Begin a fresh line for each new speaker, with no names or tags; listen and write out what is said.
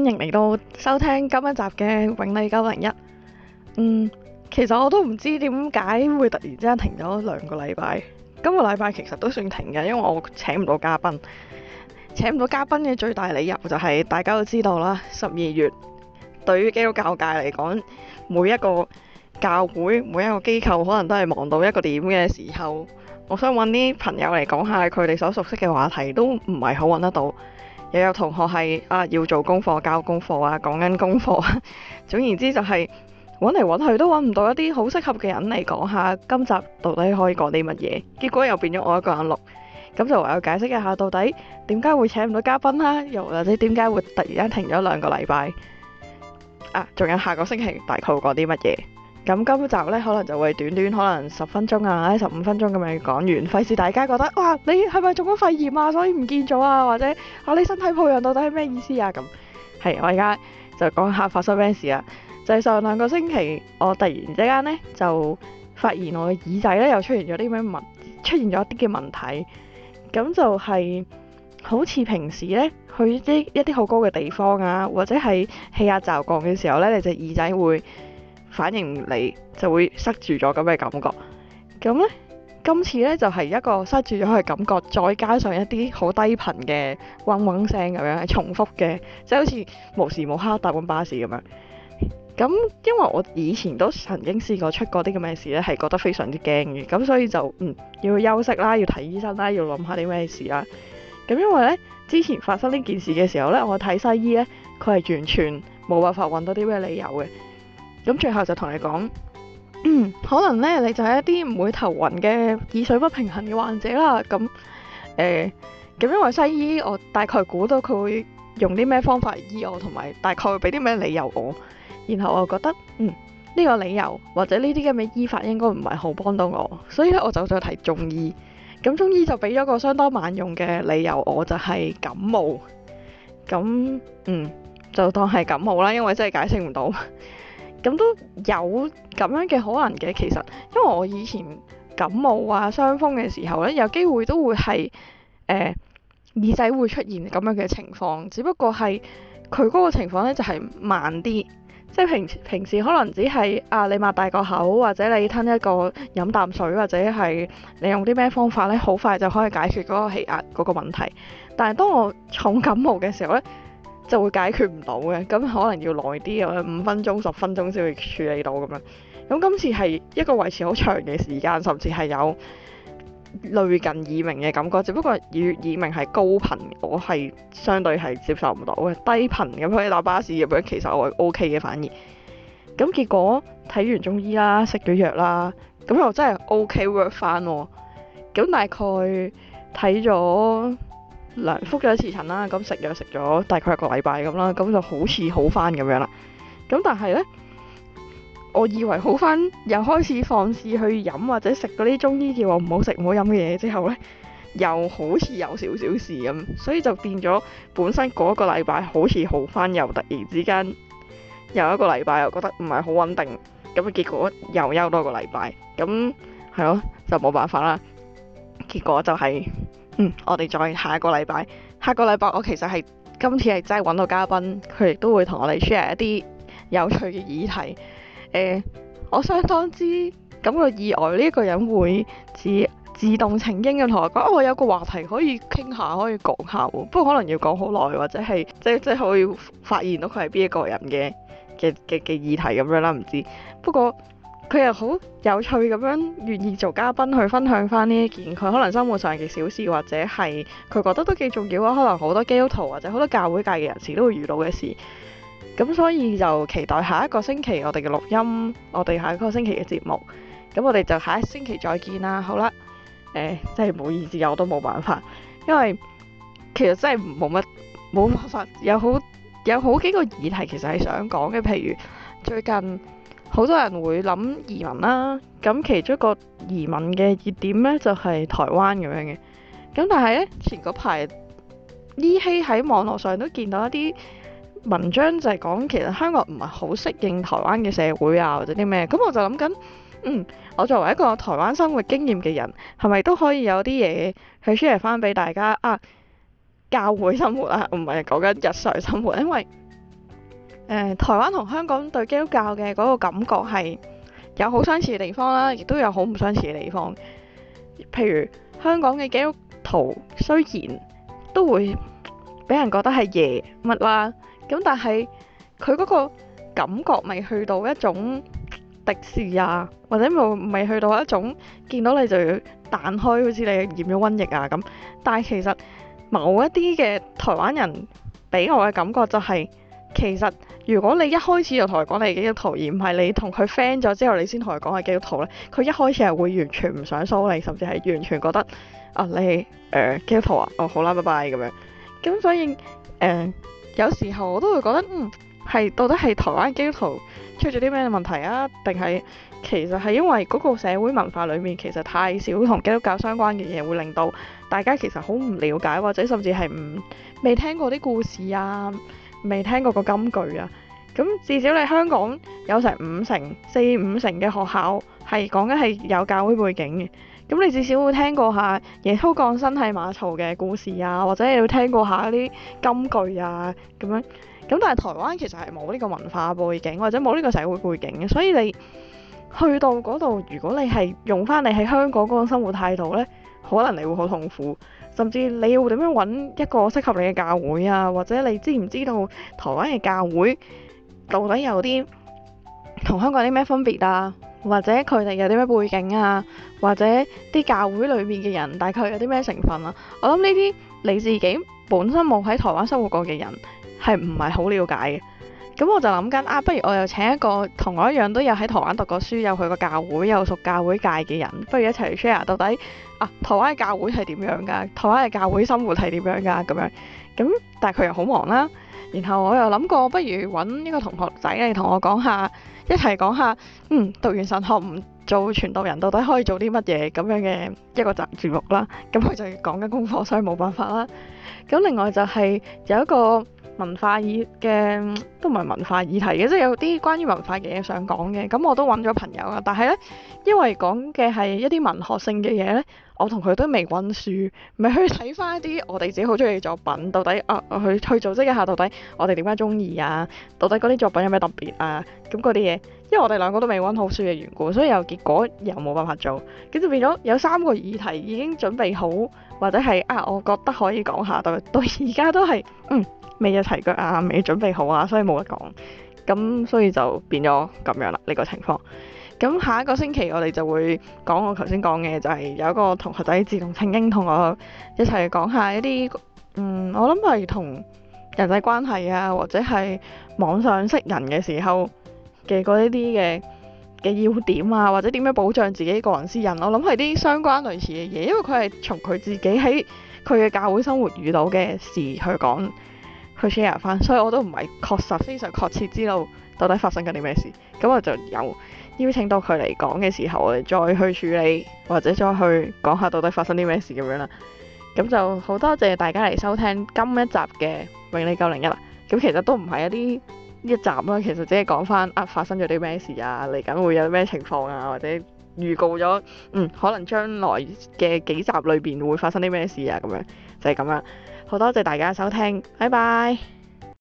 歡迎嚟到收聽今一集嘅永麗九零一。嗯，其實我都唔知點解會突然之間停咗兩個禮拜。今個禮拜其實都算停嘅，因為我請唔到嘉賓。請唔到嘉賓嘅最大理由就係、是、大家都知道啦，十二月對於基督教界嚟講，每一個教會、每一個機構可能都係忙到一個點嘅時候。我想揾啲朋友嚟講下佢哋所熟悉嘅話題，都唔係好揾得到。又有同學係啊，要做功課、交功課啊，講緊功課啊。總言之就係揾嚟揾去都揾唔到一啲好適合嘅人嚟講下今集到底可以講啲乜嘢。結果又變咗我一個人錄，咁就唯有解釋一下到底點解會請唔到嘉賓啦，又或者點解會突然間停咗兩個禮拜啊？仲有下個星期大概會講啲乜嘢？咁今集咧，可能就會短短可能十分鐘啊，或者十五分鐘咁樣講完，費事大家覺得哇，你係咪中咗肺炎啊？所以唔見咗啊？或者啊，你身體抱恙到底係咩意思啊？咁係，我而家就講下發生咩事啊？就係、是、上兩個星期，我突然之間呢，就發現我嘅耳仔呢又出現咗啲咩問，出現咗一啲嘅問題。咁就係、是、好似平時呢，去啲一啲好高嘅地方啊，或者係氣壓驟降嘅時候呢，你隻耳仔會。反應你就會塞住咗咁嘅感覺，咁呢，今次呢就係一個塞住咗佢嘅感覺，再加上一啲好低頻嘅嗡嗡聲咁樣，係重複嘅，即係好似無時無刻搭緊巴士咁樣。咁因為我以前都曾經試過出過啲咁嘅事呢，係覺得非常之驚嘅，咁所以就嗯，要去休息啦，要睇醫生啦，要諗下啲咩事啦。咁因為呢，之前發生呢件事嘅時候呢，我睇西醫呢，佢係完全冇辦法揾到啲咩理由嘅。咁最後就同你講、嗯，可能呢，你就係一啲唔會頭暈嘅耳水不平衡嘅患者啦。咁、嗯、誒，咁、嗯、因為西醫，我大概估到佢會用啲咩方法醫我，同埋大概會俾啲咩理由我。然後我覺得嗯呢、呢個理由或者呢啲嘅咩醫法應該唔係好幫到我，所以咧我就再提中醫。咁中醫就俾咗個相當萬用嘅理由，我就係感冒。咁嗯就當係感冒啦，因為真係解釋唔到。咁都有咁樣嘅可能嘅，其實因為我以前感冒啊、傷風嘅時候呢，有機會都會係、呃、耳仔會出現咁樣嘅情況，只不過係佢嗰個情況呢就係慢啲，即係平平時可能只係啊你擘大個口或者你吞一個飲啖水或者係你用啲咩方法呢，好快就可以解決嗰個氣壓嗰個問題，但係當我重感冒嘅時候呢，就會解決唔到嘅，咁可能要耐啲，可能五分鐘、十分鐘先會處理到咁樣。咁今次係一個維持好長嘅時間，甚至係有類近耳鳴嘅感覺，只不過耳耳鳴係高頻，我係相對係接受唔到嘅。低頻咁可以搭巴士咁樣，其實我係 OK 嘅反而。咁結果睇完中醫啦，食咗藥啦，咁又真係 OK work 翻喎。咁大概睇咗。覆咗一次診啦，咁食藥食咗大概一個禮拜咁啦，咁就好似好翻咁樣啦。咁但係呢，我以為好翻，又開始放肆去飲或者食嗰啲中醫叫我唔好食、唔好飲嘅嘢之後呢，又好似有少少事咁，所以就變咗本身嗰一個禮拜好似好翻，又突然之間又一個禮拜又覺得唔係好穩定，咁啊結果又休多個禮拜，咁係咯就冇辦法啦，結果就係、是。嗯，我哋再下一個禮拜，下個禮拜我其實係今次係真係揾到嘉賓，佢亦都會同我哋 share 一啲有趣嘅議題。誒、呃，我相當之感覺意外呢一個人會自自動請纓咁同我講、哦，我有個話題可以傾下，可以講下喎。不過可能要講好耐，或者係即係即係可以發現到佢係邊一個人嘅嘅嘅嘅議題咁樣啦，唔知。不過。佢又好有趣咁樣願意做嘉賓去分享翻呢一件，佢可能生活上嘅小事，或者係佢覺得都幾重要啊。可能好多基督徒或者好多教會界嘅人士都會遇到嘅事。咁所以就期待下一個星期我哋嘅錄音，我哋下一個星期嘅節目。咁我哋就下一星期再見啦。好啦，誒、欸、真係唔好意思啊，我都冇辦法，因為其實真係冇乜冇辦法，有好有好幾個議題其實係想講嘅，譬如最近。好多人會諗移民啦，咁其中一個移民嘅熱點呢，就係台灣咁樣嘅。咁但係呢，前嗰排依稀喺網絡上都見到一啲文章就係講其實香港唔係好適應台灣嘅社會啊或者啲咩，咁我就諗緊，嗯，我作為一個台灣生活經驗嘅人，係咪都可以有啲嘢去 share 翻俾大家啊？教會生活啊，唔係講緊日常生活，因為。誒，台灣同香港對基督教嘅嗰個感覺係有好相似嘅地方啦，亦都有好唔相似嘅地方。譬如香港嘅基督徒雖然都會俾人覺得係耶乜啦，咁但係佢嗰個感覺未去到一種敵視啊，或者未未去到一種見到你就要彈開，好似你染咗瘟疫啊咁。但係其實某一啲嘅台灣人俾我嘅感覺就係。其實，如果你一開始就同佢講你係基督徒，而唔係你同佢 friend 咗之後，你先同佢講係基督徒咧，佢一開始係會完全唔想收你，甚至係完全覺得啊，你誒、呃、基督徒啊，哦好啦拜拜咁樣。咁所以誒、呃，有時候我都會覺得嗯係到底係台灣基督徒出咗啲咩問題啊？定係其實係因為嗰個社會文化裡面其實太少同基督教相關嘅嘢，會令到大家其實好唔了解，或者甚至係唔未聽過啲故事啊？未聽過個金句啊！咁至少你香港有成五成、四五成嘅學校係講緊係有教會背景嘅，咁你至少會聽過下耶穌降生喺馬槽嘅故事啊，或者你會聽過下啲金句啊咁樣。咁但係台灣其實係冇呢個文化背景，或者冇呢個社會背景嘅，所以你去到嗰度，如果你係用翻你喺香港嗰種生活態度呢，可能你會好痛苦。甚至你要點樣揾一個適合你嘅教會啊，或者你知唔知道台灣嘅教會到底有啲同香港有啲咩分別啊？或者佢哋有啲咩背景啊？或者啲教會裏面嘅人大概有啲咩成分啊？我諗呢啲你自己本身冇喺台灣生活過嘅人，係唔係好了解嘅？咁我就諗緊啊，不如我又請一個同我一樣都有喺台灣讀過書，有去過教會，有屬教會界嘅人，不如一齊 share 到底啊台灣嘅教會係點樣噶？台灣嘅教會生活係點樣噶？咁樣咁，但係佢又好忙啦。然後我又諗過，不如揾一個同學仔嚟同我講下，一齊講下，嗯，讀完神學唔做傳道人，到底可以做啲乜嘢咁樣嘅一個集節目啦。咁佢就講緊功課，所以冇辦法啦。咁另外就係有一個。文化議嘅都唔係文化議題嘅，即係有啲關於文化嘅嘢想講嘅。咁我都揾咗朋友啊，但係呢，因為講嘅係一啲文學性嘅嘢呢，我同佢都未揾書，咪去睇翻一啲我哋自己好中意嘅作品，到底啊，去去組織一下，到底我哋點解中意啊？到底嗰啲作品有咩特別啊？咁嗰啲嘢，因為我哋兩個都未揾好書嘅緣故，所以又結果又冇辦法做，跟住變咗有三個議題已經準備好，或者係啊，我覺得可以講下，但到而家都係嗯，未一齊腳啊，未準備好啊，所以冇得講。咁所以就變咗咁樣啦，呢個情況，咁下一個星期我哋就會講我頭先講嘅，就係有一個同學仔自動請纓同我一齊講下一啲嗯，我諗係同人際關係啊，或者係網上識人嘅時候嘅嗰一啲嘅嘅要點啊，或者點樣保障自己個人私隱。我諗係啲相關類似嘅嘢，因為佢係從佢自己喺佢嘅教會生活遇到嘅事去講。去 share 翻，所以我都唔係確實非常確切知道到底發生緊啲咩事，咁我就有邀請到佢嚟講嘅時候，我哋再去處理或者再去講下到底發生啲咩事咁樣啦。咁就好多謝大家嚟收聽今一集嘅《永利九零一》啦。咁其實都唔係一啲一集啦，其實只係講翻啊發生咗啲咩事啊，嚟緊會有咩情況啊，或者預告咗嗯可能將來嘅幾集裏邊會發生啲咩事啊咁樣。係咁樣，好多謝大家收聽，拜拜。